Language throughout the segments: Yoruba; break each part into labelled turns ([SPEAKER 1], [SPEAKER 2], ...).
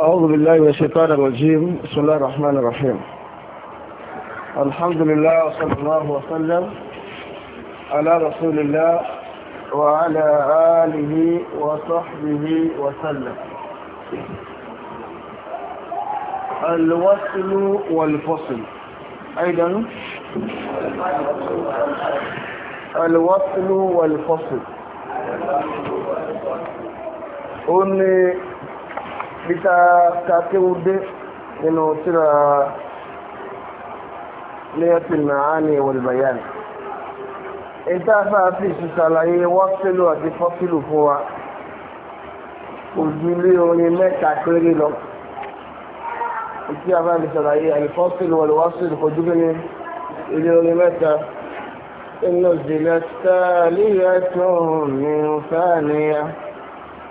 [SPEAKER 1] أعوذ بالله من الشيطان الرجيم بسم الله الرحمن الرحيم الحمد لله وصلى الله وسلم على رسول الله وعلى آله وصحبه وسلم الوصل والفصل أيضا الوصل والفصل أني bí ta ka kéwu dé nínú tíra lẹ́yìn màáni wàlbàyàn ìta fàáfì ṣùṣàlàyé wọ́pílù àti fọ́pílù fún wa òjúlé orin mẹ́ta péré lọ ìtí àbámi ṣàlàyé àìfọ́pílù wàlúwásílù kojú ní ilé orin mẹ́ta inú zìlẹ̀ tààlì ẹ̀tọ́ mi ń fẹ́ níyà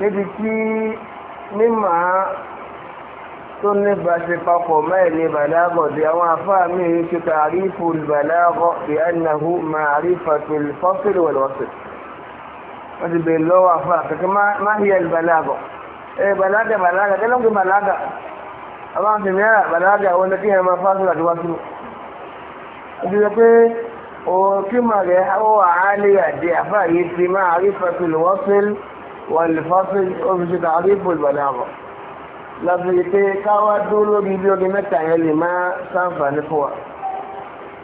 [SPEAKER 1] níbi tí mímà tó ní bàṣẹ papọ̀ mẹ́rin ní bàlágọ̀ di àwọn afáà mìíràn ti tààrífù bàlágọ̀ bí ẹnàhù màárífà fọ́sílì wọ̀lọ́sẹ̀ wọ́n ti bèèrè lọ́wọ́ afáà kẹ́kẹ́ má hí ẹl bàlágọ̀ ẹ bàlágà bàlágà kẹ́lọ́ kí bàlágà àwọn àti mìíràn bàlágà wọn kí àwọ̀ àálẹ́ àdé afáà yìí ti máa rí fọ́sílì wọ́sílì والفصل وفي تعريف البلاغة لفيتي yìí دولو káwá dúró lórí ibi omi mẹ́ta yẹn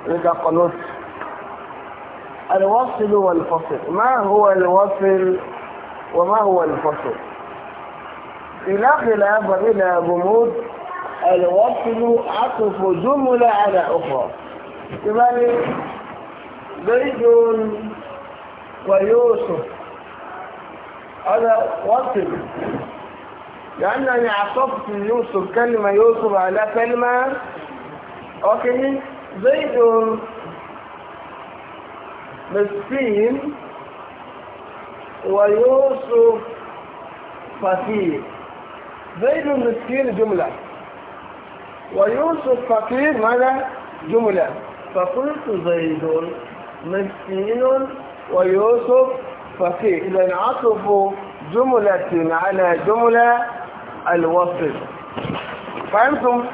[SPEAKER 1] لك máa الوصل والفصل ما هو الوصل وما هو الفصل إلى خلاف إلى جمود الوصل عطف جملة على أخرى يعني زيد ويوسف هذا وصل لأنني عصبت يوسف كلمة يوسف على كلمة أوكي زيد مسكين ويوسف فقير زيد مسكين جملة ويوسف فقير ماذا جملة فقلت زيد مسكين ويوسف ففي إذا عطف جملة على جملة الوصف فهمتم؟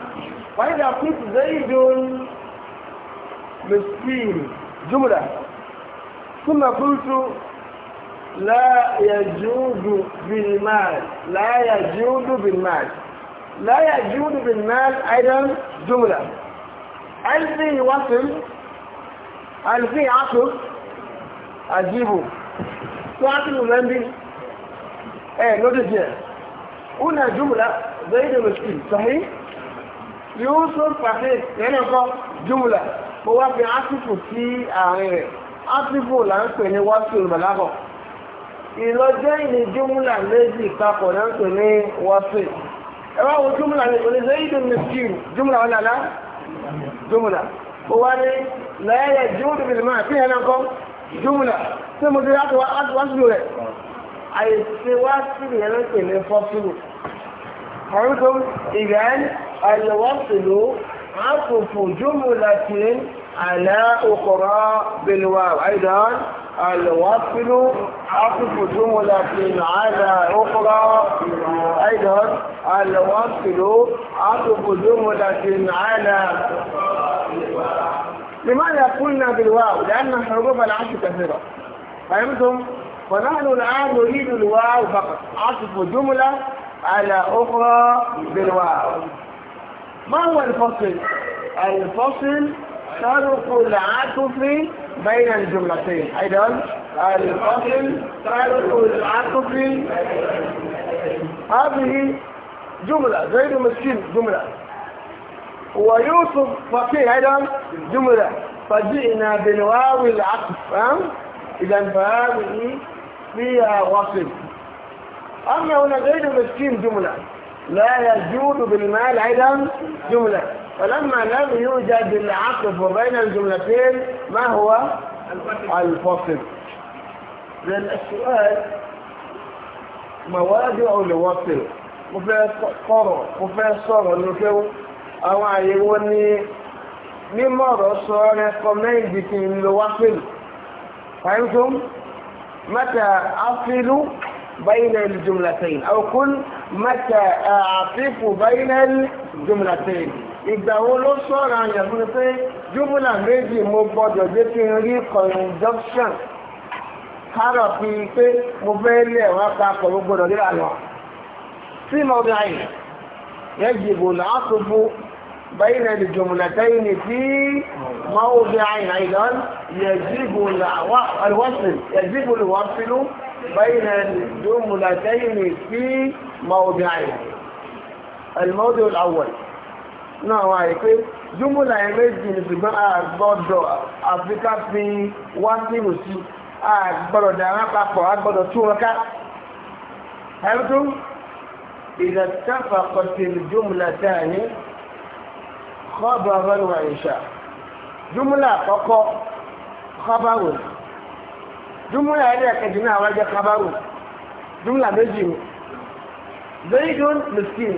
[SPEAKER 1] فإذا قلت زيد مسكين جملة ثم قلت لا يجود بالمال لا يجود بالمال لا يجود بالمال أيضا جملة هل فيه وصل هل فيه عطف أجيبه tuwatin zambi eh notice here una jumla zaid miskin sahih yusuf sahih yana ko jumla ko wa bi asifu ti àárín rẹ̀ asifu la ń pè ní wasul balago ìlọjọ ìní jumla méjì papọ̀ la ń pè ní wasul ẹ wá wo jumla ní oní zaid miskin jumla wọn lala jumla ó wá ní lẹ́yẹ̀ jumla bí lè máa fi jùmùlà tí mo ti láti wá sílò rẹ̀ àìsí wá sílò yẹn ló pè ní fọ́sílò àwọn tó ìgbà àyẹ̀wò sílò عطف جملة على أخرى بالواو أيضا الوصل عطف جملة على أخرى أيضا الوصل عطف جملة على لماذا قلنا بالواو لأن حروف العطف كثيرة فهمتم فنحن الآن نريد الواو فقط عطف جملة على أخرى بالواو ما هو الفصل الفصل فرق العطف بين الجملتين أيضا الفصل فرق العطف هذه جملة زيد مسكين جملة ويوسف فقيه أيضا جملة فجئنا بالواو العقف فهم؟ إذا فهذه فيها وصف أما هنا غير مسكين جملة لا يجود بالمال أيضا جملة فلما لم يوجد العقف بين الجملتين ما هو الفصل لأن السؤال مواضع لوصل مفيد قرر مفيد صغر àwọn àyẹ̀wò ní mímọ̀ ọ̀rọ̀ sọ rẹ́kọmẹ́ǹdì kí n lo wá pẹ̀lú fahimtum mata afilu bayna al-jumlatayn aw kul mata afifu bayna al-jumlatayn ìgbà wo ló sọ̀rọ̀ àyàn fún mi pé jùmùlà méjì mo gbọ́dọ̀ jẹ́ kí rí conjunction kárọ̀ fi pé mo fẹ́ lé ẹ̀wọ̀n papọ̀ mo gbọ́dọ̀ rí àná sí mọ́bí àyè yẹ́n jìbò làásùbù بين الجملتين في موضع أيضا يجب الوصل يجب الوصل بين الجملتين في موضعين الموضع الأول náà wọ́n àìpé jùmùlà ẹ̀mẹ́jì ní ṣùgbọ́n àgbọ́dọ̀ àfíká fi wá sí ìrùsí àgbọ́dọ̀ dára papọ̀ àgbọ́dọ̀ tún wọn ká ẹ̀rùtún ìdàtàfà kọ̀tìlì jùmùlà tẹ́ àyẹ́ khabaran wa insha júmúlà àkọ́kọ́ khabarun júmúlà ẹlẹ́ẹ̀kejì náà wájẹ́ khabarun júmúlà méjì ni zaidun miskin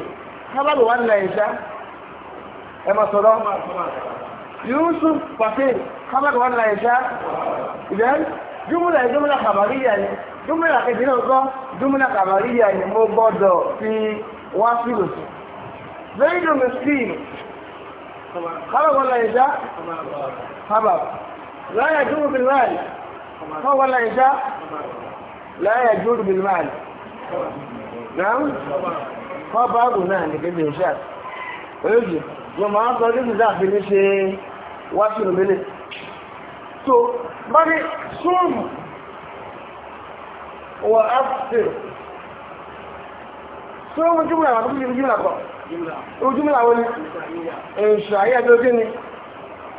[SPEAKER 1] khabarun wa nílẹ̀ insha ẹ máa sọ̀rọ̀ yusuf fatin khabarun wa nílẹ̀ insha ìdẹ́n júmúlà júmúlà khabariyya ni júmúlà kejì náà kọ́ júmúlà khabariyya ni mo gbọ́dọ̀ fi wá sílùsù zaidun miskin خرب ولا يشاء خبر لا يجور بالمال خرب ولا يشاء لا يجور بالمال نعم خبر هنالك ابن هشام ويجي وما أفضل ابن ذاك بنشي واشر بني تو بني صوم وأفطر صوم جملة ما تقول جملة بقى ojúmọ́lá wọn ni èṣù ayé ẹjọ́ kí ni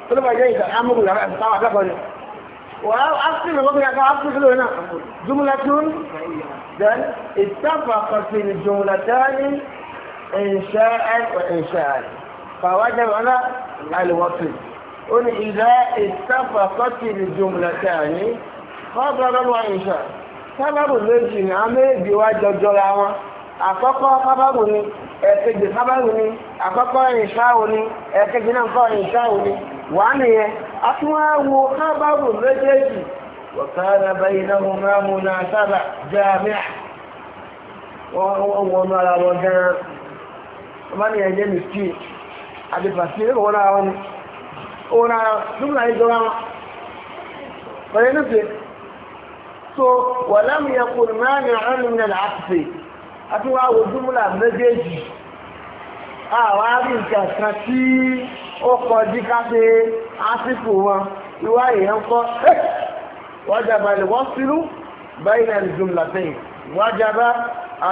[SPEAKER 1] tó ló bá jẹ́ ìjà amúrù yàrá ìtàwọn akẹ́kọ̀ọ́ ni wà á sí ìlú wọn kí á sí ìlú náà jùmọ́lá tó ń then ìtàfà pàṣẹ ìjùmọ́lá tání ìṣẹ́ ìṣẹ́ fàwájẹ́ wọn náà àlùwọ́pì ó ní ìdá ìtàfà pàṣẹ ìjùmọ́lá méjì ní àmì wọn àkọ́kọ́ kábàrù ni ẹ̀kejì kábàrù ni àkọ́kọ́ ìṣáwò ni ẹ̀kejì náà kọ́ ìṣáwò ni wà nìyẹn a tún wá wo kábàrù méjèèjì wọ̀kánà báyìí náà mú máa mú náà sábà wọ́n ní àtúwáwò júmùlà méjèèjì àwọn àrí nǹkan kan tí ó kọ jí ká ṣe àsìkò wọn ìwá èèyàn kọ́ wájàbá ìlúwọ́sílú báyìí náà jùmùlà tẹ́yìn wájàbá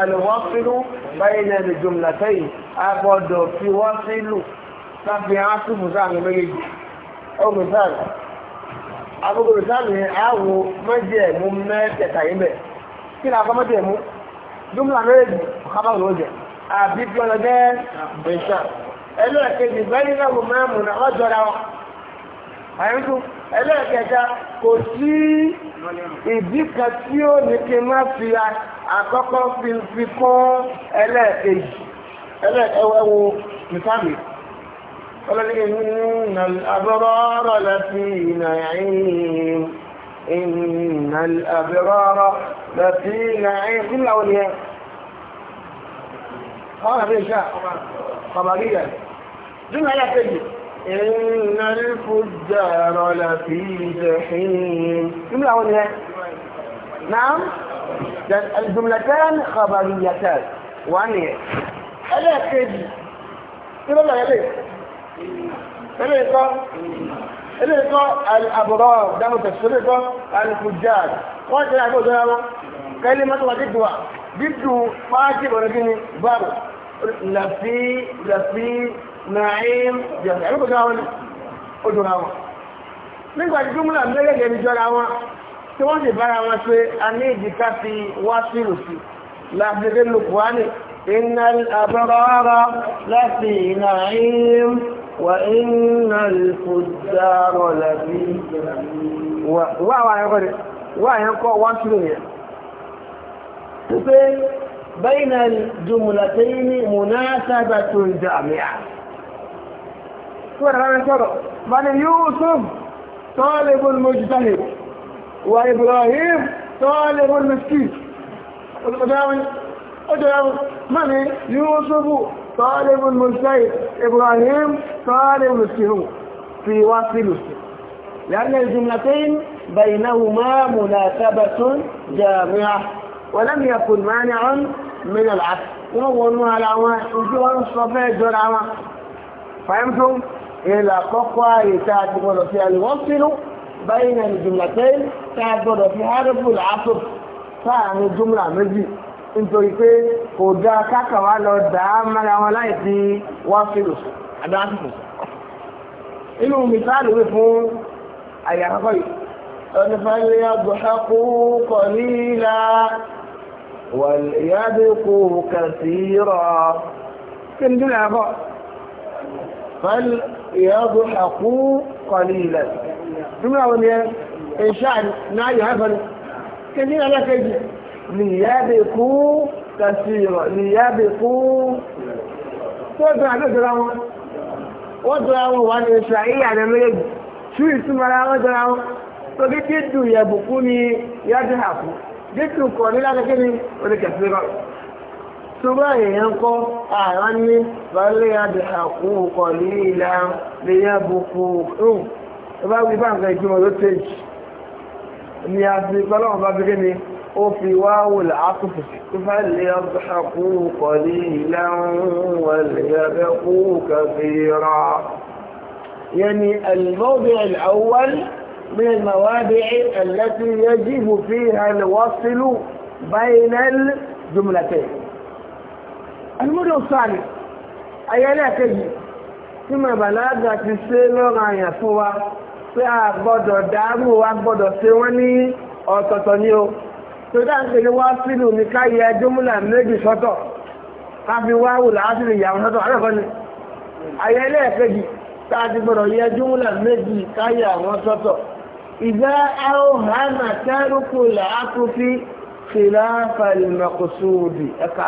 [SPEAKER 1] ìlúwọ́sílú báyìí náà jùmùlà tẹ́yìn agbọ́dọ̀ fi wọ́n sílù láti àsìkò sáàmì méjèèjì ọgbọ̀n sáàmì sáàmì àwọ̀ mẹ́jẹ̀ẹ̀mú mẹ́tẹ̀ẹ̀ta yìí bẹ̀ kí ni àkọ́ mẹ́jẹ̀ẹ̀mú jùmlà méjì ọ̀kábà ló jẹ àbí tí ọ̀nà jẹ́ bẹ̀ṣà ẹlẹ́ẹ̀kejì bẹ́ẹ̀ni náà mo máa mú náà wọ́n jọra wọn àyíkú ẹlẹ́ẹ̀kẹta kò sí ìdí kan tí ó ní kí n má fi àkọ́kọ́ fi kọ́ ẹlẹ́ẹ̀kejì ẹlẹ́ẹ̀kẹwẹ́wo nìfàmì ọlọ́dún إن الأبرار لفي نعيم كل أولياء قال في شاء خبريا جمع لا تجد إن الفجار لفي جحيم كل أولياء نعم الجملتان خبريتان وأنية
[SPEAKER 2] ألا تجد
[SPEAKER 1] كل الأولياء ثلاثة eléyìí kọ́ àbọ̀rọ̀ dáhùn tẹ̀sí eléyìí kọ́ alùpùjà wọ́n ti rí àbí òjò náà kẹ́lí mọ́tò wà dídùn wa dídùn pàákì bọ̀rẹ̀ kí ni báàbò làfi làfi nàìm jẹ̀fẹ̀ àbí òjò náà wọn òjò náà wọn. nígbà tí gómìnà mẹ́lẹ̀dẹ̀ ń wọ́n sì bára wọn pé a ní ìdíkà fi wá sílù sí làbẹ̀rẹ̀ lùkùwánì ìnà àbọ̀rọ̀ ọ̀rọ̀ láti ìnà àìyí وإن الفجار لفي و وا وا يقول وا ينقو وان شنو هي بين الجملتين مناسبة الجامعة من يوسف طالب المجتهد وإبراهيم طالب المسكين ادعوا ادعوا من يوسف طالب مجتهد إبراهيم طالب المسلمون في وصف المسلم لأن الجملتين بينهما مناسبة جامعة ولم يكن مانعا من العكس وظنها على وجوه الصفاء جرعوا فهمتم؟ إلى قطع يتعدل فيها الوصل بين الجملتين تعدل في حرف العصر فعن الجملة مزيد nítorí pé kò dá kákàwá lọ dá mára wọn láì sí wọ́n fèrò àdáhàtìkò inú mìsáàlù wí fún àyà àkọ́kọ́ yìí ọdún fáwọn yàgbọ́ sákó kọ̀ nílá wàlìyàdìkò kàtìrọ̀ kí ni dúnà àbọ̀ fàlìyàgbọ́ sákó kọ̀ nílá lìyábẹ̀kú kàṣírọ̀ lìyábẹ̀kú tó dọ̀rọ̀ tó dọ̀rọ̀ wọn wọ́n dọ̀rọ̀ wọn wà ní ìṣà ìyá rẹ̀ méjèèjì tú ìtumọ̀ra wọn dọ̀rọ̀ wọn tó bí dídù yẹ̀bùkú ni yájú àkú dídù kọ̀ ní lákẹ́kẹ́ ni oníkẹ̀sírọ̀ ṣùgbọ́n èèyàn kọ́ àrá ní balẹ̀ yájú àkú kọ̀ ní ìlà lìyábùkú ìbá wí bá nǹkan ìjùmọ̀ ló tẹ̀jì ni a ti pẹ́lọ́wọ́n bá fi kí ni وفي واو العطف فليضحكوا قليلا وليبقوا كثيرا يعني الموضع الأول من الموادع التي يجب فيها الوصل بين الجملتين الموضع الثاني أي لا تجي ثم بلاغة السيلور عن يفوى فأبدو دارو وأبدو سيواني أو تطنيو tòdá ń pèlú wá sílù ní káyẹ jùmúlà méjì sọ́tọ̀ káfí wá wù láásìlì ìyàwó sọ́tọ̀ àrẹ́fọ́ ni ayẹ lẹ́ẹ̀kejì tá a ti gbọ́dọ̀ yẹ jùmúlà méjì káyẹ àwọn sọ́tọ̀ ìgbà àwòhánà tẹ́rùkù làákùfí fìlà fàlìmọ̀kùsùdì ẹ̀ka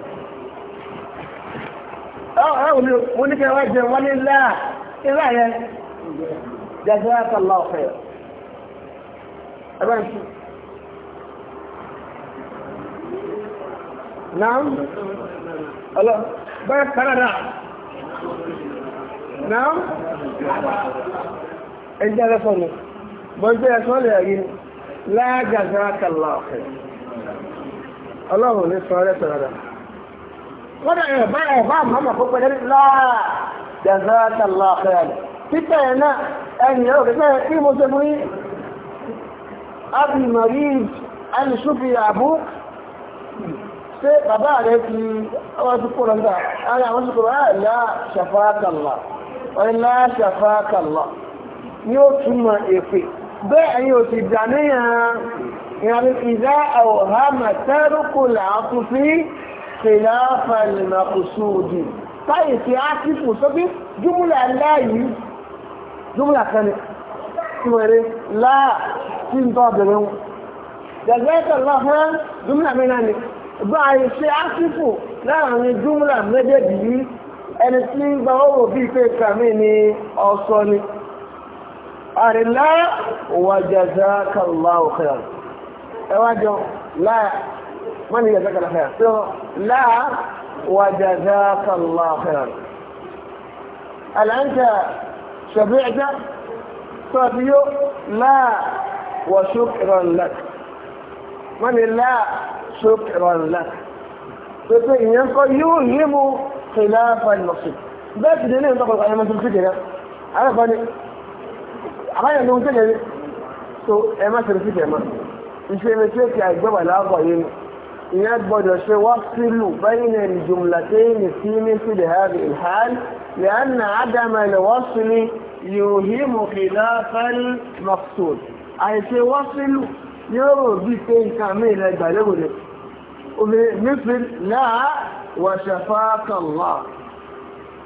[SPEAKER 1] اه ونك وجه ولله إذا جزاك الله خير أبان نعم
[SPEAKER 2] الله بس كندا نعم. نعم
[SPEAKER 1] انت لا تصلي بنت يا صلي يا لا جزاك الله خير الله ليس صلاة الله wọ́n dẹ̀ ẹ̀bá ẹ̀bá àmàmà kó pẹ̀lẹ́ láà jẹ́sàtàlá fẹ́ẹ̀lẹ̀ títẹ̀ ẹ̀ náà ẹni ẹ̀rọ kẹ́kẹ́ kí mo ṣe fún yí ábì mọ̀rí ẹni ṣúfi àbú ṣé bàbá rẹ̀ ti ọwọ́ sí kó lọ́gbà ara àwọn sí kó rà láà ṣàfáàkàlá ọ̀rẹ́ láà ṣàfáàkàlá ni ó túmọ̀ èpè bẹ́ẹ̀ ẹ̀yin ò sì dàníyàn ìrìn ìdá àwòhámà tẹ́rùkù làákùn sí khilafa al-maqsudi táyì sí ákìpù tó bí jùmùlà láàyè jùmùlà kan ni tí wọ́n rí láà tí ń tọ́ bẹ̀rẹ̀ wọn jẹ̀gbẹ́tọ̀ lọ́fẹ́ jùmùlà mìíràn ni bá yìí sí ákìpù láàrin jùmùlà méjèèjì yìí ẹni tí ń من جزاك الله خير لا وجزاك الله خيرا هل أنت شبعت صبي لا وشكرا لك من لا شكرا لك فإن يوهم خلاف المقصود بس دي ليه طبعا أنا ما تمسك هنا أنا فاني أنا لو تجري سو أما تمسك أما مش مش كده الجبل أبغى ينه يقبل الشيء وفصل بين الجملتين في مثل هذه الحال لأن عدم الوصل يوهم خلاف المقصود أي شيء وصل يرد بشيء كامل البلغني مثل لا وشفاك الله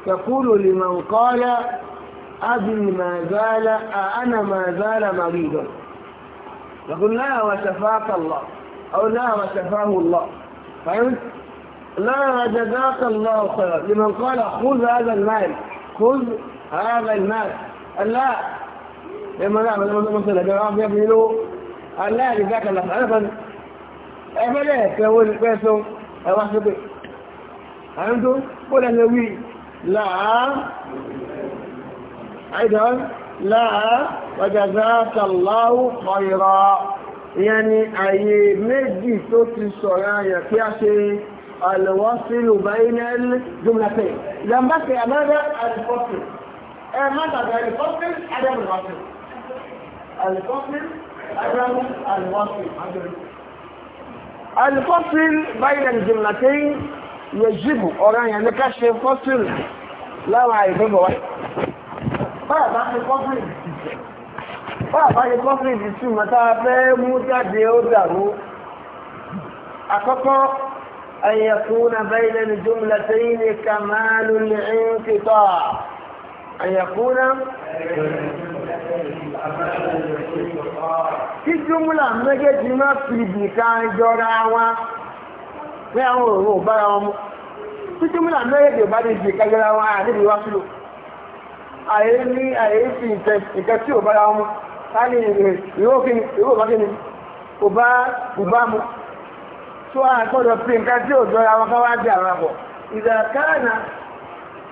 [SPEAKER 1] تقول لمن قال أبي ما زال أنا ما زال مريضا يقول لا وشفاك الله أو لا ما شفاه الله فهمت؟ لا جزاك الله خيرا لمن قال خذ هذا المال خذ هذا المال لا لما لا لما مثلا جواب يبني له قال لا جزاك الله خيرا فلا يتساوي الباسم راح به فهمتوا؟ ولا لا أيضا لا وجزاك الله خيرا ìyẹn ni àyè méjì tó ti sọ̀rọ̀ àyàn kí a ṣe àlùwọ́sílù bainal jumlatayn ìjàmbá ṣe àmọ́dá àlùfọ́sìn ẹ má tàbí àlùfọ́sìn adẹ́mùwọ́sìn
[SPEAKER 2] àlùfọ́sìn
[SPEAKER 1] adẹ́mùwọ́sìn àlùfọ́sìn bainal jumlatayn yẹjìbù ọ̀rọ̀ àyàn ní ká ṣe fọ́sìn láwọn àìbẹ̀bọ̀ báàbá yẹ kọ́fíìsì túmọ̀ tá a fẹ́ mú jáde ó dàrú àkọ́kọ́ ayẹkùnà bẹ́ẹ̀lẹ̀ ní jùmọ̀lá tẹ́yìn ní kàmáàlú ní ẹ̀ńkìtọ́ ayẹkùnà kí jùmọ̀lá méjèèjì má fi ìdìkà jọra wọn pé àwọn òru ò bára wọn mú tí jùmọ̀lá ní ìdìkà jọra wọn àdébìwá sílò àyè sáàlì ìwò kí ni ìwò bá kí ni kò bá kò bá tó a gbọ́dọ̀ pé nǹkan tí ò jọra wọn ká wá dé àwọn àpọ̀ ìdàkánà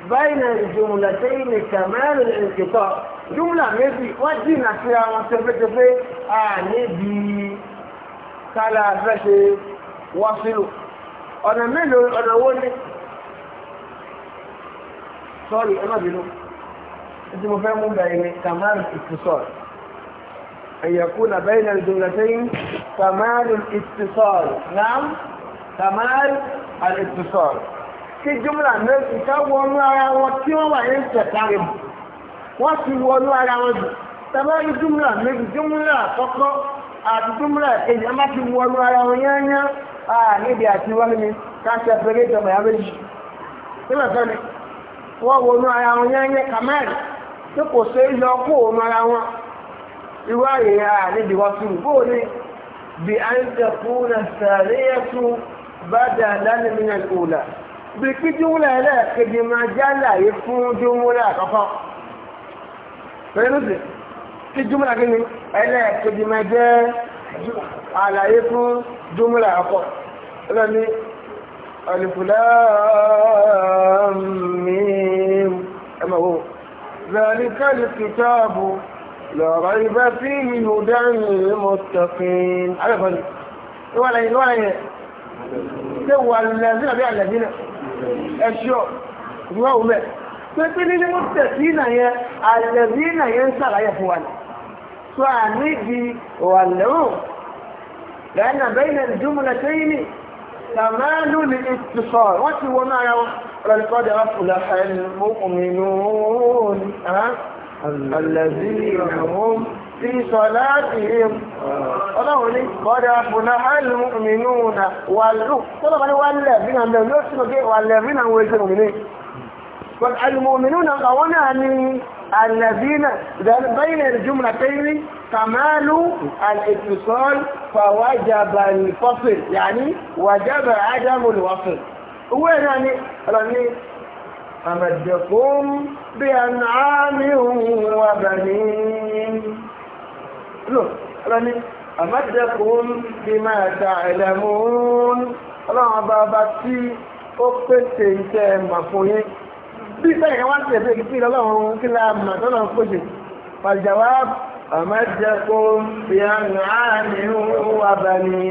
[SPEAKER 1] báyìí na ìjòmùlà sẹ́yìn ní kàmẹ́rin ìkìtọ̀ júmùlà méjì wọ́n jìnnà sí àwọn tẹfẹ́tẹfẹ́ à níbi kálá fẹ́ṣe wọ́sílù ọ̀nà mélòó ọ̀nà wo ni sọ́ọ̀rì ẹ má bínú ẹtí mo fẹ́ mú bẹ̀rẹ̀ ní kàmẹ́rin ìkìtọ̀ أن يكون بين الجملتين كمال الاتصال نعم كمال الاتصال في جملة méjì ká wọnú ara wọn tí wọ́n wà ní ìṣẹ̀kárí mù wọ́n جملة wọnú ara wọn jù tàbá rí jùmọ̀lá méjì jùmọ̀lá àkọ́kọ́ àti jùmọ̀lá èyí má ti wọnú ara wọn yányá à àti wọ́n ní káṣẹ pẹ̀lẹ́ ìjọba ìyá méjì nígbà tó ni wọ́n wọnú ara wọn yányá kàmáàlì tí kò ṣe é yọ ara wọn irú àyè àníbi wọn sùn bó ní bí a ń tẹ̀kún na sàríyẹ́ tún bá dà lánàá mìíràn kòlà bí kí jùmúlà ẹlẹ́ẹ̀kejì máa jálàyé fún jùmúlà àkọ́kọ́ pẹ̀lú kí jùmúlà kí ni ẹlẹ́ẹ̀kejì máa jẹ́ àlàyé fún jùmúlà àkọ́kọ́ ẹlẹ́ni alifulamin ẹmọ̀wó ذلك الكتاب لا ريب فيه هدى المستقيم على فضل ولا ايه ولا ايه سوى الذين بيع الذين الشعر الله مات فتني المستقيم هي الذين ينسى غير فوانا فعنيدي والعو لأن بين الجملتين تمال الاتصال وما يوحى للقادر أصل المؤمنون أه؟ الذين هم في صلاتهم ọlọ́run ní bọ́dá fúnná alìmọ̀mìnúna wàlú tọ́lọ́pàá ní wàlẹ̀ bí náà lẹ́nu lọ́sí lókè wàlẹ̀ bí náà wọ́n ṣe òmìnir but alìmọ̀mìnúna àwọn náà ni alìlẹ́bínà bẹ́yìnà ìjúmùnà tẹ́yìnrí أمدكم بأنعام وبنين لو رني أمدكم بما تعلمون الله بابتي أبتي تيما فيه bí sẹ́yìn wá ń tẹ̀lé ìpín lọ́lọ́run kí la mà tọ́lọ̀ ń pèsè pàjáwá àmájẹ́kó fìyànù àmìhù abàní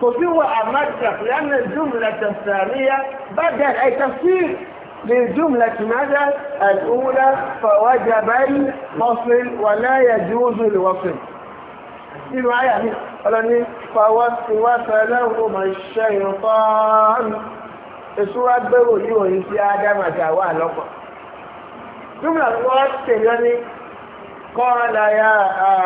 [SPEAKER 1] kò sí wọ àmájẹ́ fìyànù jùmùlẹ̀ tẹ̀sàríyá bá jẹ́ ẹ̀kẹ́ fíìsì بالجملة ماذا الأولى فوجب الفصل ولا يجوز الوصل nínú ayà ní ọlọ́ni fàwọ́síwáṣọ́lọ́wọ́mọ̀ ṣẹ́yìnfọ́ọ̀nù èso wá gbẹ́rò ní òyìn sí ádámà àti àwọ́ àlọ́pọ̀. júmọ̀ wọ́n tèèyàn ní kọ́ọ̀lá ya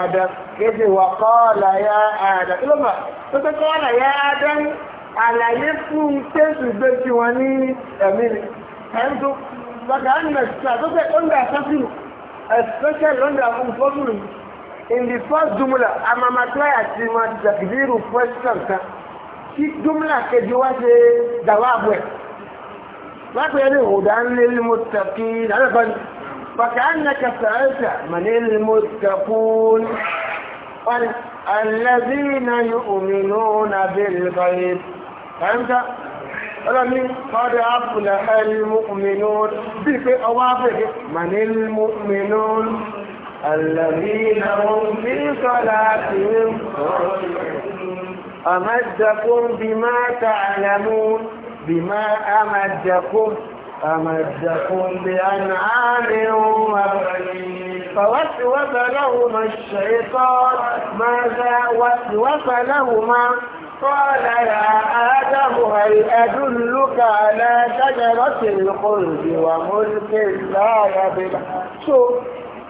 [SPEAKER 1] àdá kéde wà kọ́ọ̀lá ya àdá kí ló mọ̀ tó pé kọ́ọ̀lá ya àdá àlàyé fún tẹ́sù gbé tí wọ́n ní ẹ̀mí ni fahimto saka an na sasai under sasuru especially under unfortunately in the first jumla a ma ma try àti ma takdiru question kan kí jumla kejì wá ṣe dàwa àbọ̀ ẹ̀ lápẹ̀ ní ìhùdá ń lé límọ̀ tàkì lálẹ́bàá ni فكأنك سألت من المتقون الذين يؤمنون بالغيب فهمت ọlọ́ni قد أفلح المؤمنون bí pé ọwọ́ àpẹẹrẹ الذين هم في صلاتهم أمدكم بما تعلمون بما أمدكم أمدكم بأنعام وبنين فوسوس لهما الشيطان ماذا وسوس لهما قال يا آدم هل أدلك على شجرة الخلد وملك لا يبلى so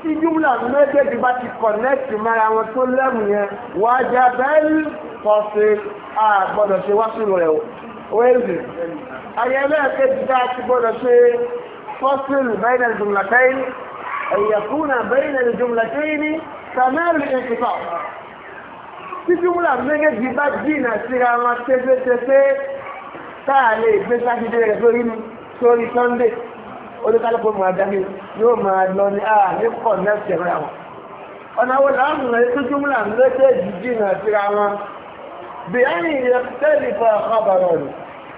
[SPEAKER 1] tí júmùlà méjèèjì bá ti kọ̀nẹ́tì mára wọn tó lẹ́mù yẹn wà já bẹ́ẹ̀lì pọ̀sí àgbọ̀dọ̀ ṣe wá sínú rẹ̀ wéèzì ayẹlẹ́ kejì dá ti gbọ́dọ̀ ṣe fọ́sílù bẹ́ẹ̀nà jùmùlà tẹ́yìn ẹ̀yẹ̀kúnà bẹ́ẹ̀nà jùmùlà tẹ́yìn ní kàmẹ́rì ìkìtọ̀ títí múlà méjèèjì bá jìnà síra wọn tẹ́fẹ́tẹ́fẹ́ táà lè gbé sátidé rẹ̀ sórí mi sórí sunday oníkálùkù máa dáhì yóò máa lọ ní àà ah, ní pọ̀ mẹ́sẹ̀ rẹ̀ wọn. ọ̀nà wo láàmù rẹ̀ títí múlà méjèèjì jìnà síra wọn bí ẹ̀yìn rẹ̀ tẹ́lì fọ ọ̀kọ̀bọ̀rọ̀ rẹ̀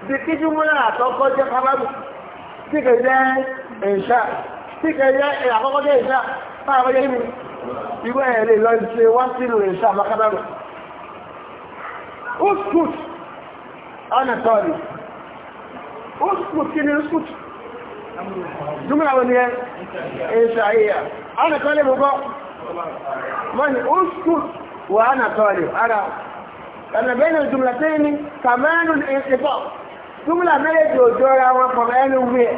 [SPEAKER 1] bí títí múlà àkọ́kọ́ jẹ́ kábàbù tí kò jẹ́ ìṣá tí kò jẹ́ àkọ́kọ́ jẹ́ ìṣá fáwọn ọmọ yẹn mi ìwé ẹ̀rẹ́ lọ ṣe wá sínú ìṣá mákábàbù اسكت انا طالب اسكت كده اسكت جملة اولية ايه انا طالب وبقى من اسكت وانا طالب انا انا بين الجملتين كمان الانقطاع جملة بيت وجورة وقرآن وبيت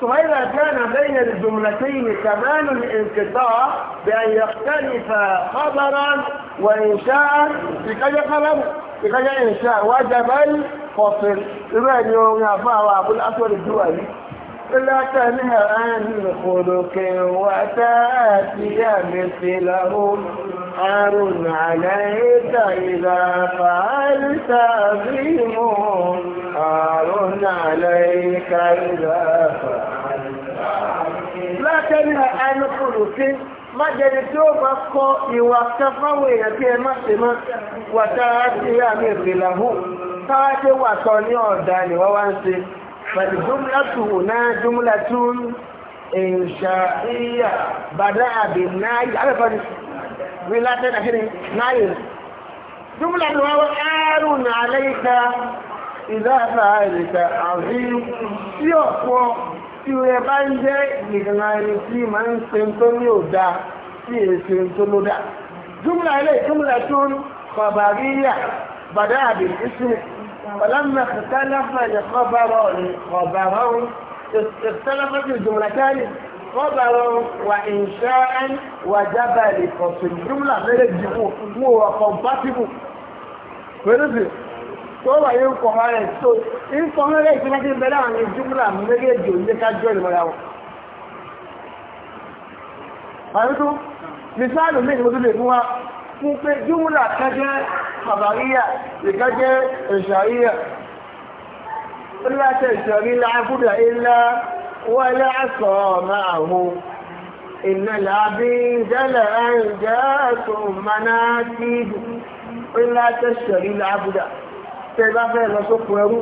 [SPEAKER 1] فإذا كان بين الجملتين كمان الانقطاع بأن يختلف خبرا وإنشاء بقدر خبره ìkájẹ́ ìṣà wájábẹ́lì fọ̀fẹ́l irú ẹni orin àfáàwà àbúlá sọ́rọ̀ ìdúwà yìí látà ní àárín òkòròkè wà táàtì àmẹ́sẹ̀ láhùn àrùn àlẹ́ta ìlàfà àìsà àbímọ̀ àrùn àlẹ́ta ìlàfà àìsà àbímọ̀ látà ní àárín òkòròkè má jẹni tí ó bá kọ ìwà kan fáwọn èèyàn tí ẹ má ṣe mọ́ wà tára sí àmì ìpìlà hù tára tí wà tọ́ ní ọ̀dà ni wọ́n wá ń ṣe pẹ̀lú júmùlá tùhù náà júmùlá tí ọ̀pọ̀ tí rẹ bá ń jẹ́ ìgbìgbìmọ̀ ẹni tí máa ń ṣe tó ní òdá tí èsè tó ló dá jùmùlà ilé jùmùlà tó ń kọ̀bàríyà bàdá àbí ìsìn ọ̀lànà kìtàláfà ní kọ̀bàrọ̀ ní kọ̀bàrọ̀ kìtàláfà ní jùmùlà kárí kọ̀bàrọ̀ wà ìṣẹ́ wà jábàlì kọ̀sìn jùmùlà mẹ́rẹ̀ jù wọ́n wà kọ̀mpátìbù pẹ̀lú tó wà ní incoherent so incoherent ní wọ́n ti bẹ̀rẹ̀ àwọn ìjúmùlà méjèèjì ò ní kájọ́ ìmọ̀ra wọn. àyíkú mísáàlù mi ni mo tún lè fún wa fún pé júmùlà kan jẹ́ kàbàríyà ìkan jẹ́ ìṣàríyà ó ní láti ìṣàrí láàbùdà ilá wọ́n ilé àṣọ máa hù إن العبيد لأنجاكم مناكيد وإلا تشتري العبد tẹ́ bá fẹ́ lọ sóko ẹrú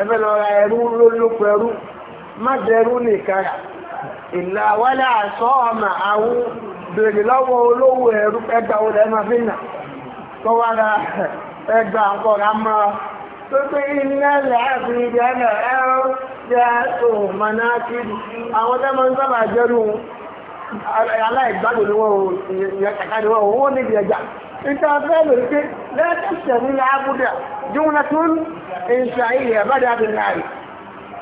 [SPEAKER 1] ẹfẹ́ lọ ra ẹrú lólóko ẹrú má dẹrú nìkan ìlà wálé àṣọ ọmọ àwọn bèrè lọ́wọ́ olówó ẹrú ẹgbà olè ẹmọ fínà tó wá ra ẹgbà àkọ́ra mọ́ tó pé iná làáfi ìdáná ẹrú jẹ́ tó mọ̀nà kiri àwọn tẹ́ ń sábà jẹ́rú aláìgbádùn ni wọ́n ìyẹn يتعبر الفكر لا تشتري العبد جملة إنشائية بدأ بالنهاية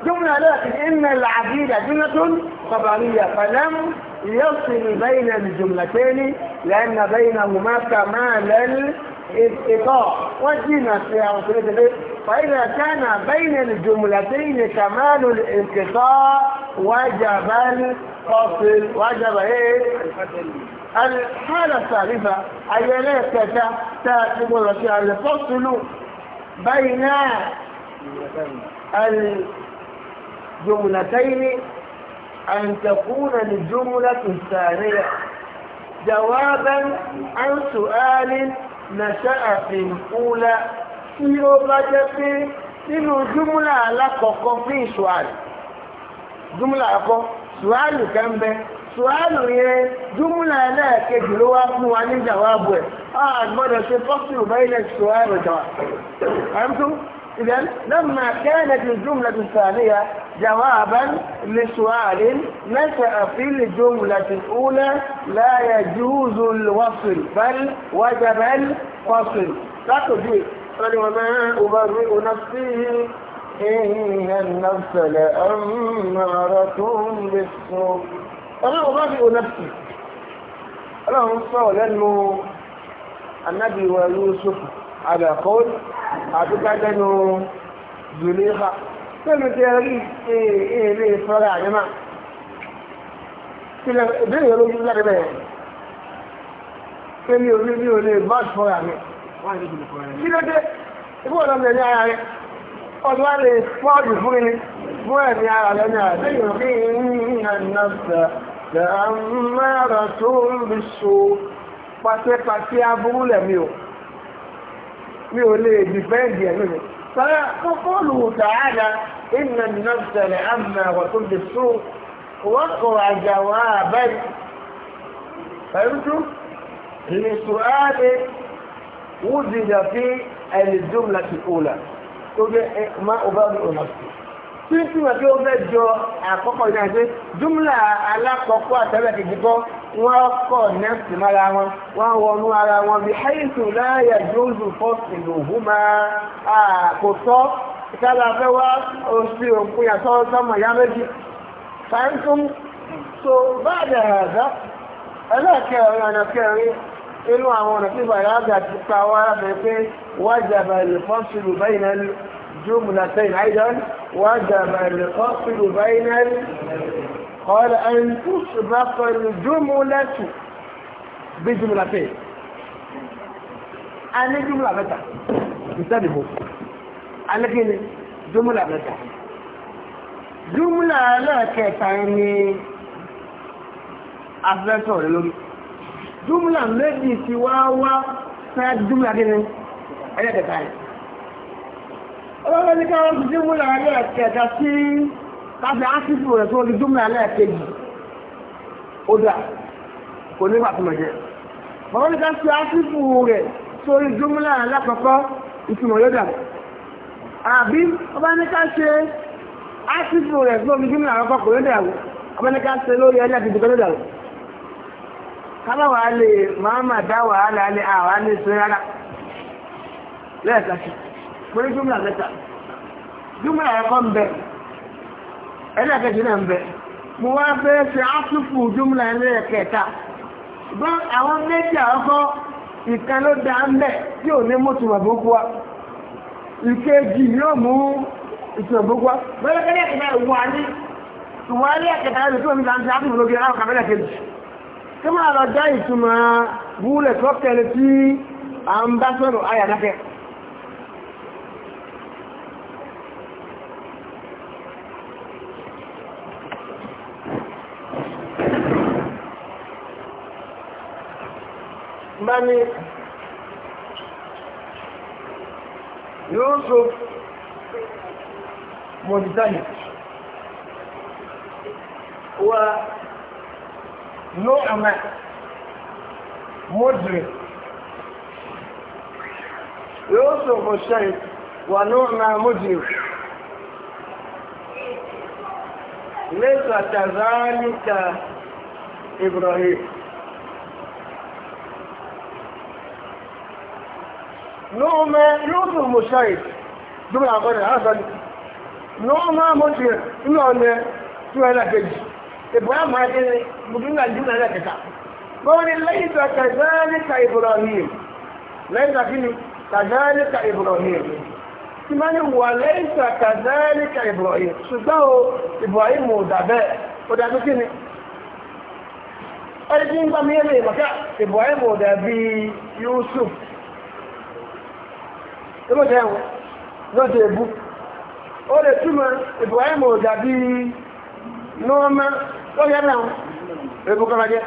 [SPEAKER 1] جملة لكن إن العبيد جملة طبعية فلم يصل بين الجملتين لأن بينهما كمال الإطاع والجنة في عصرية فإذا كان بين الجملتين كمال الانقطاع وجب الفصل وجب ايه؟ الحالة الثالثة أي لا تقول الفصل بين الجملتين أن تكون الجملة الثانية جوابا عن سؤال نشأ في الأولى tí ó bá jẹ́ pé nínú júmúlà alákọ̀ọ́kọ́ fún ìṣòwàlì júmúlà àkọ́ ṣùwàlì kan bẹ ṣùwàlì yẹn júmúlà ẹlẹ́ẹ̀kejì ló wá fún wa ní jàwáàbù ẹ̀ a gbọ́dọ̀ ṣe fọ́sùlù bẹ́ẹ̀lẹ̀ ṣùwàlì jàwá إذا لما كانت الجملة الثانية جوابا لسؤال نشأ في الجملة الأولى لا يجوز الوصل بل وجب الفصل قال وما أبرئ نفسي إن النفس لأمارة بالسوء وما أبرئ نفسي ọlọ́run sọ̀rọ̀ lẹ́nu anábì wa Yusuf àdàkọ́d àtúkádẹ́nu Zuleha pẹ̀lú tí a rí èrè sọ́rọ̀ àyẹ́mà ìbéèrè olójú lábẹ́ bẹ̀rẹ̀ pẹ̀lú orí ní olè bá sọ́rọ̀ àmì kí ló dé ibú ọ̀dọ́ mi ẹ̀mí ara lè fọ́ọ̀dù fún mi fún ẹ̀mí ara rẹ̀ ní àti ìròkè ìrìnàṣà lẹ́mẹ́rẹ̀ tó ń bí so pàṣẹpàṣẹ aburú lè dìfẹ́ǹdì وجد في الجملة الأولى تقول ما أبالغ نفسي tí ń túmọ̀ pé ó fẹ́ jọ àkọ́kọ́ ìdáhùn pé júmùlà alákọ̀ọ́kọ́ àtẹ́lẹ̀kì gbígbọ́ wọ́n kọ̀ nẹ́ẹ̀sì mára wọn wọ́n wọnú ara wọn bí haythu la yajuzu fasluhuma kò tọ́ ìtàlá fẹ́ wá oṣù òpin àtọ́ sọmọ ìyá méjì fàǹtùm tó bá dẹ̀ rà dá ẹlẹ́ẹ̀kẹ́ ọ̀rẹ́ ọ̀nà kẹrin inú àwọn ọ̀nà tí bàrágà ti pa wá rẹ̀ pé wájàbà ìlẹ̀fọ́sílù báyìí جملتين أيضا وجب الفصل بين ال... قال أن تسبق الجملة بجملتين أنا جملة بتاع انتبهوا لكن جملة بتاع جملة لك تعني أفضل سؤال júmùlà méjì ti wá wá sáájú ní káwọn ti sí rẹ̀ tó di júmùlà ẹlẹ́kẹjì ó dà kò ní pàtàkì jẹ́ bọ́n ní káfí ásìkò rẹ̀ tó di júmùlà ẹlẹ́kọ̀ọ́kọ́ ìtumọ̀ yóò dà àbí ọba ní ká ṣe rẹ̀ tó di ẹlẹ́kọ̀ọ́kọ́ kò ní dà ọba ní ká ṣe lórí kò ní dà kábàwà lè máàmà dá wàhálà lè àwà lè sọ rárá lẹ́ẹ̀kàṣì pé júmùlà mẹ́ta júmùlà ẹ̀kọ́ ń bẹ ẹlẹ́ẹ̀kẹ́jì náà ń bẹ mo wá bẹ́ẹ̀ ṣe átúfù júmùlà ẹlẹ́ẹ̀kẹta gbọ́n àwọn méjì àkọ́kọ́ ìkan ló dá ń bẹ tí ò ní mọ́tùmọ̀ gbogbo wa ìkejì yóò mú ìtumọ̀ gbogbo wa kí máa lọ dá ìtumọ̀ wúlẹ̀ tó kẹlẹ̀ tí a ń bá sọ̀rọ̀ ayà dákẹ́ bá ní wa نعمة مدرك يوصف الشيء ونعمة مدرك ليس كذلك إبراهيم نعمة يوصف مشاهد جملة غير هذا نعمة مدرك نعمة سؤال كجي ibrahim ya ce mutunan juna da kasa ko wani laisa ka zalika ibrahim laisa kini ka zalika ibrahim tí máa ní wà laisa ka zalika ibrahim ṣùgbọ́n o ibrahim ò dàbẹ́ ò dàbí kí ni ẹni tí ń gbá mi yẹn lè mọ̀ká ibrahim ò dàbí yusuf ẹgbẹ́ jẹ́ wọn lọ́jọ́ ebú ó lè túmọ̀ ibrahim ò dàbí nọ́ọ̀mà o yẹ náà ebu a jẹ́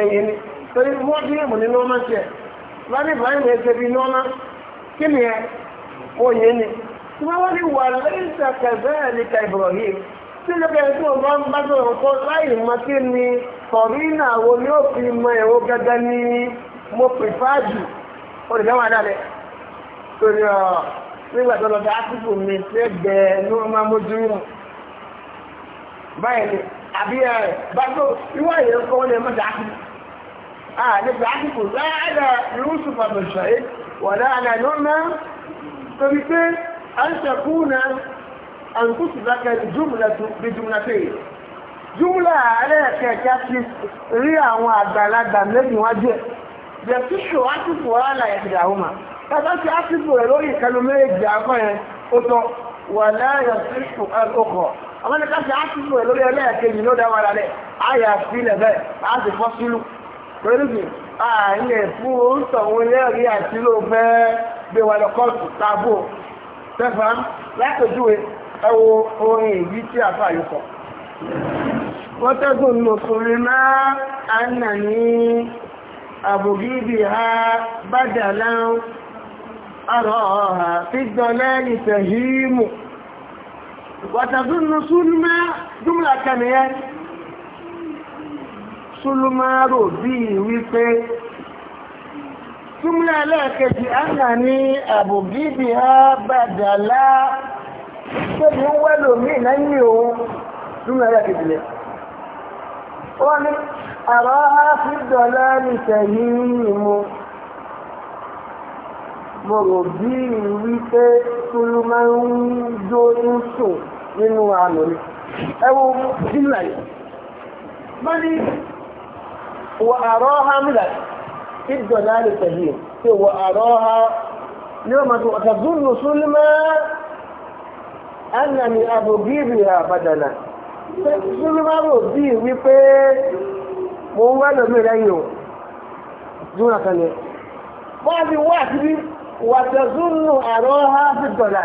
[SPEAKER 1] ẹ̀yìn ni torí wọ́n dín èmù ní nọ́ọ́mà tiẹ̀ lọ́dún ìbáyìí ní o bíi kí ni ẹ oyè ni tí wọ́n wá ní wà kẹfẹ́ ka Ibrahim tí wọ́n ń bá ni kọ̀rínà wo ni ó fi mọ gẹ́gẹ́ ọ nígbà tó lọ bá báyìí ni àbí ẹ bàtò ìwọ yẹn kọ́ wọn nípa na à ń kùsù lákẹ́ jùmùlà tó jùmùlà ààrẹ kẹ̀kẹ́ ti rí àwọn àgbàlagbà méjì wájú ẹ̀ jẹ́ tíṣù átìpù ọ̀là ìdá ọmọ tàbí tí átìpù rẹ̀ lórí ìkẹlùmẹ́ ìjà akọ́ yẹn ó àwọn ẹni káṣí áṣìlú ẹ̀ lórí ẹlẹ́ẹ̀kejì ló dá wàrà rẹ̀ àyà sílẹ̀ bẹ́ẹ̀ á sì fọ́ sílù torí bì àyè fún oúnjẹ òun lẹ́rí àti ló fẹ́ gbé wa lọ kóòtù tábò tẹ́fà látòjúwe ẹ wo orin èyí tí àfà yìí kọ. wọ́n tẹ́gùn lòkùnrin náà á nà ní àbògíbì ha bàdàlá àrọ̀ ọ̀hà fíjọ lẹ́yìn wàtàdúnnù súnmá jùmlà kẹniyẹ súnmárò bí wípé súnmá ẹlẹ́ẹ̀kejì ánà ní àbògídì á bàdàlá pẹ̀lú wẹ́lò mí lẹ́yìn òun súnmá ẹlẹ́ẹ̀kejì lẹ́ wọ́n ní àrọ́ á fi dọ̀lá nìtẹ̀yìn mú mo rò bí wípé súnmá ń jó ń sùn nínú àánú ni ẹwọ jùlọ yìí bá ní wà àrọ́ ha mílà ìjọ náà lè tẹ̀lé pé wà àrọ́ ha ní ọmọ tó ọ̀tà dúró súnlẹ́mọ́ ẹnà ni àbògírì àbàdànà súnlẹ́mọ́ rò bí wípé mo ń wá lómi lẹ́yìn o dúró kan ti wá síbi wà tẹ̀sùn àrọ́ ha fi dọ̀là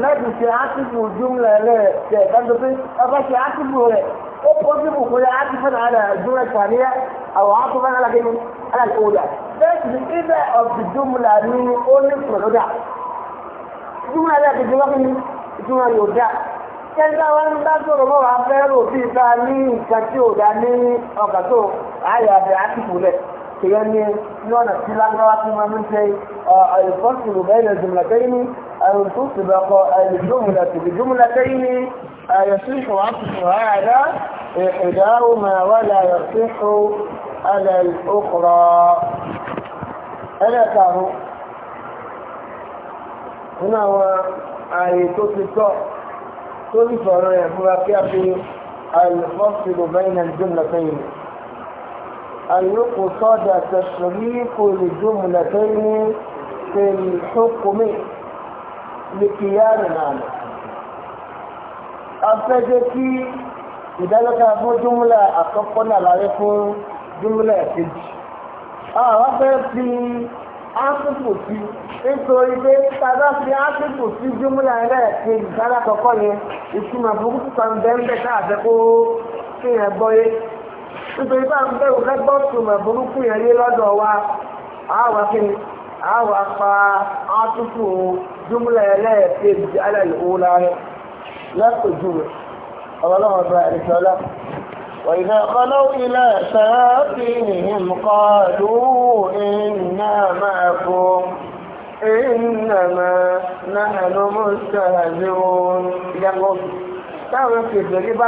[SPEAKER 1] nẹ́ẹ̀dì ṣe ákìbù júmùlẹ̀ lẹ́ẹ̀kẹ́ ẹ̀dọ́gbé ẹ̀fọ́ ṣe ákìbù rẹ̀ ó pọ́sibù kó yẹ ákìbù náà rẹ̀ júmùlẹ̀ sàníyà àwọn ákìbù náà lágbé ní aláìkóòdà bẹ́ẹ̀ sì ni ibẹ̀ ọ̀bì júmùlẹ̀ ní ó ní pẹ̀lúdà júmùlẹ̀ lẹ́ẹ̀kẹ́ júmùlẹ̀ ní júmùlẹ̀ yóò dà kẹ́ńtà wa ń bá sọ̀rọ̀ mọ́ wa fẹ́ rò bí ta ní nǹkan tí ò dá ní ọkà tó àyà àbẹ̀ ákìbù rẹ̀ يعني يوانا سيلان غواتي ما منتي الفصل بين الجملتين او تطبق الجملة بجملتين يصيح عطف على احداهما ولا يصيح على الاخرى انا كارو هنا هو اي تطبق تطبق الفصل بين الجملتين أن يقصد تشريك الجملتين في الحكم لقيام العمل afẹ́jẹ́ kí ìdálẹ́ta fún jùmúlẹ̀ àkọ́kọ́ náà láyé fún jùmúlẹ̀ kejì àwọn fẹ́ fi áṣùpù sí nítorí pé tàbá fi áṣùpù sí jùmúlẹ̀ ẹ̀rẹ́ kejì sálákọ̀ọ́kọ́ yẹn ìtumọ̀ fún kúkú kan bẹ́ẹ̀ bẹ́ẹ̀ káàfẹ́ kó kéèyàn gbọ́yé nítorí bá ń bẹ̀rù lẹ́gbọ́n tùmọ̀ burúkú yẹn rí lọ́dọ̀ wa alẹ́ rẹ̀ táwọn bá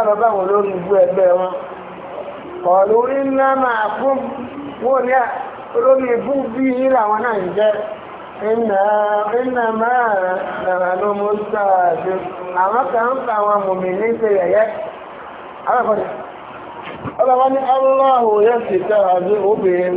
[SPEAKER 1] lọ báwọn ibú ẹgbẹ́ wọn. kọlu ńlá máa fún wọ́n ní olómi ibú bí i làwọn náà ń jẹ́ iná máa nàrà ló mú sáàdé àwọn kan ń fa àwọn mùmí ní ṣe yẹ̀yẹ́ alákọ̀ọ́dẹ ọlọ́wọ́ ní ọlọ́hù yẹ́ sì tẹ́ra sí obìnrin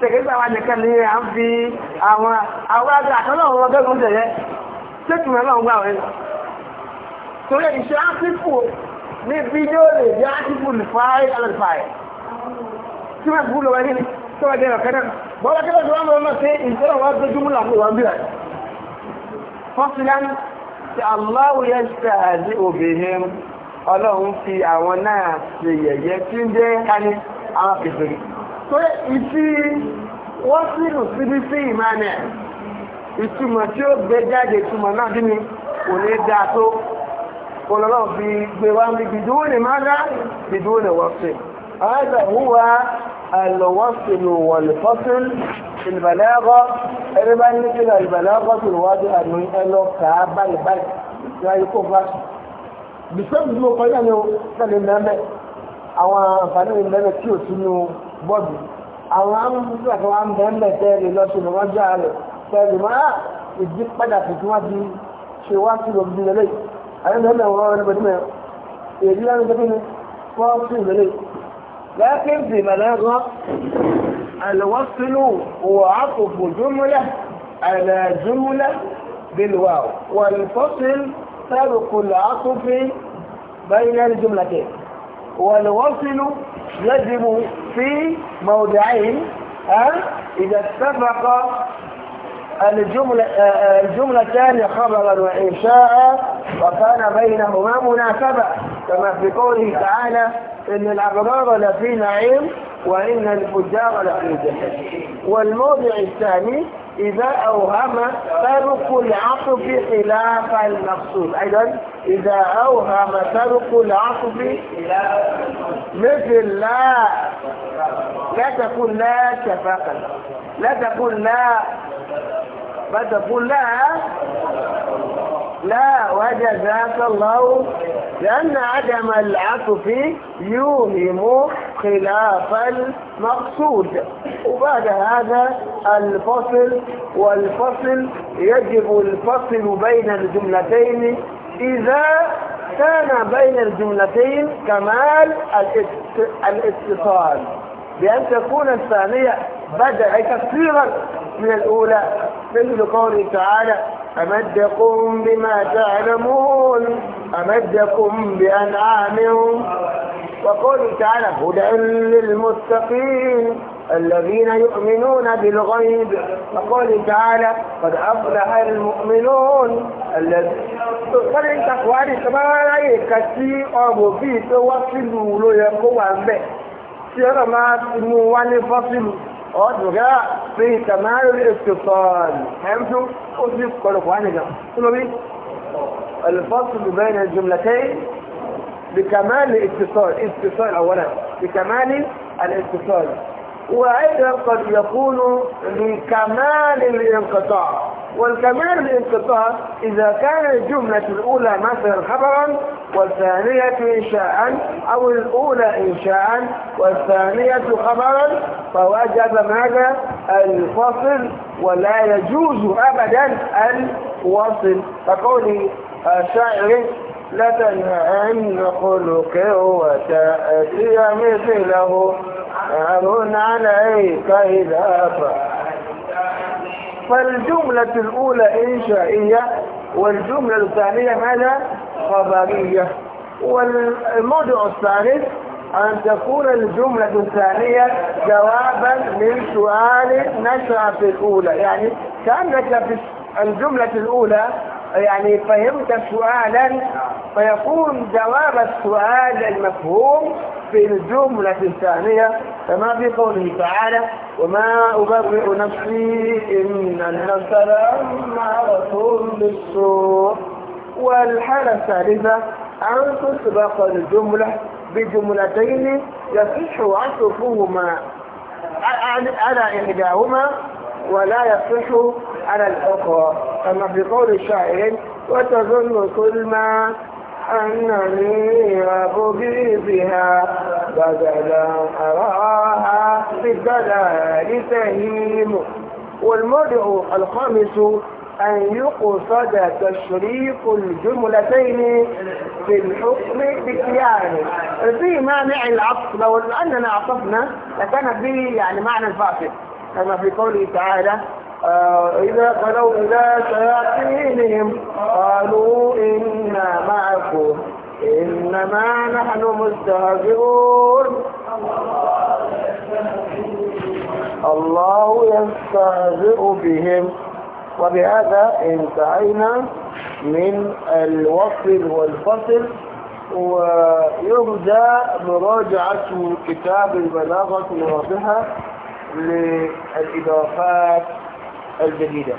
[SPEAKER 1] tẹ̀gẹ́gbà wa nìkan ni à ń fi àwọn àwọn àgbà àtọ́lọ́wọ́ wọn gẹ́gùn tẹ̀yẹ tẹ́tù rẹ̀ lọ́wọ́ gbà wẹ́ torí ìṣẹ́ áfíkù ní fídíò lè di áfíkù lè fàáyé alẹ́fàáyé tí wọ́n fún lọ́wọ́ yìí tó wà dẹ̀rọ̀ kẹ́rẹ́ bọ́lá kẹ́rẹ́ tó wà mọ́ mọ́ sí ìṣẹ́lẹ̀ wọn tó ọlọ́run fi àwọn náà ṣe yẹ̀yẹ́ tí ń jẹ́ kání àwọn kìtìrì pé ìtí wọ́n sínú síbi sí ìmánẹ̀ ìtumọ̀ tí ó gbé jáde ìtumọ̀ náà dí ni kò ní dáa tó kọlọ́lọ́ fi gbé wá ní bìdúwò ní máa dá bìdúwò ní wọ́sìn هذا هو الوصل والفصل في البلاغة ẹ̀rẹ́bá ní kílọ̀ ìbàlágọ́ tó wájú àmì ẹlọ kàá báyìí báyìí láyé kó bá ṣù. bìsọ́ọ̀bù tí mo kọjá ni ó tẹ̀lé mẹ́mẹ́ àwọn àǹfààní mẹ́mẹ́ tí ò sínú bọ́ọ̀dù àwọn amúlùmí àti wọn bẹ́ẹ̀ tẹ́lẹ̀ lọ́sùn ní wọ́n já rẹ̀ tẹ́lẹ̀ máa ìdí padà tó tí wọ́n ti ṣe wá sí lọ bí lẹ́lẹ́ àyẹ̀lẹ́lẹ́ wọn rẹ̀ bẹ̀rẹ̀ mẹ́rin èyí lẹ́nu tó kíni wọ́n sí lẹ́lẹ́ lẹ́kìn sì mẹ́lẹ́gọ́ àlùwọ́sílù wọ̀ àkókò jùmúlẹ̀ àlẹ́jùmúlẹ̀ bílùwà wọ̀lùfọ́síl tẹ́rù kùlù àkófin bẹ́ẹ̀ ní والوصل يجب في موضعين إذا اتفق الجملة الجملتان خبرا وإنشاء وكان بينهما مناسبة كما في قوله تعالى إن الأبرار لفي نعيم وإن الفجار لفي جحيم والموضع الثاني إذا أوهم ترك العطف خلاف المقصود أيضا إذا أوهم ترك العطف مثل لا لا تقول لا شفاقا لا تقول لا ما تقول لا لا وجزاك الله لأن عدم العطف يوهم خلاف المقصود وبعد هذا الفصل والفصل يجب الفصل بين الجملتين إذا كان بين الجملتين كمال الاتصال بأن تكون الثانية بدأ كثيرا من الأولى مثل قوله تعالى أمدكم بما تعلمون أمدكم بأنعام وقل تعالى هدى للمتقين الذين يؤمنون بالغيب وقل تعالى قد أفلح المؤمنون الذين فلن تقوى لسماء كثير مفيد وصلوا له يقوم به سير ما سموا ونفصلوا أدرى في تمام الاتصال فهمتم؟ أطلق قالوا قوانا جمع قلوا بي الفصل بين الجملتين بكمال الاتصال الاتصال أولا بكمال الاتصال وأيضا قد يكون بكمال الانقطاع والكمال الانقطاع إذا كان الجملة الأولى مثلا خبرا والثانية إنشاء أو الأولى إنشاء والثانية خبرا فوجب ماذا الفصل ولا يجوز أبدا الوصل فقول الشاعر لا تنهى عن خلق وتأتي مثله عار عليك إذا فعل فالجملة الأولى إنشائية والجملة الثانية ماذا خبرية والموضوع الثالث أن تكون الجملة الثانية جوابا من سؤال نشأ في الأولى يعني كأنك في الجملة الأولى يعني فهمت سؤالا فيكون جواب السؤال المفهوم في الجملة الثانية كما في قوله تعالى وما أبرئ نفسي إن النفس لأمارة بالسوء والحالة الثالثة أن تسبق الجملة بجملتين يصح عطفهما على إحداهما ولا يصح على الأخرى كما في قول الشاعر وتظن كل ما أنني أبغي بها بدلا أراها بالدلال تهيم والمرء الخامس أن يقصد تشريف الجملتين في الحكم بالكيان في مانع العطف لو أننا عطفنا لكان فيه يعني معنى فاصل كما في قوله تعالى آه، إذا خلوا إلى شياطينهم قالوا إنا معكم إنما نحن مستهزئون الله يستهزئ بهم وبهذا انتهينا من الوصل والفصل ويرجى مراجعة كتاب البلاغة الواضحة للإضافات الجديدة